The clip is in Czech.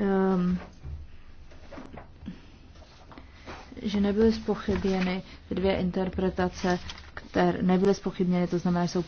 um, že nebyly spochybněny dvě interpretace, které nebyly spochybněny, to znamená, že jsou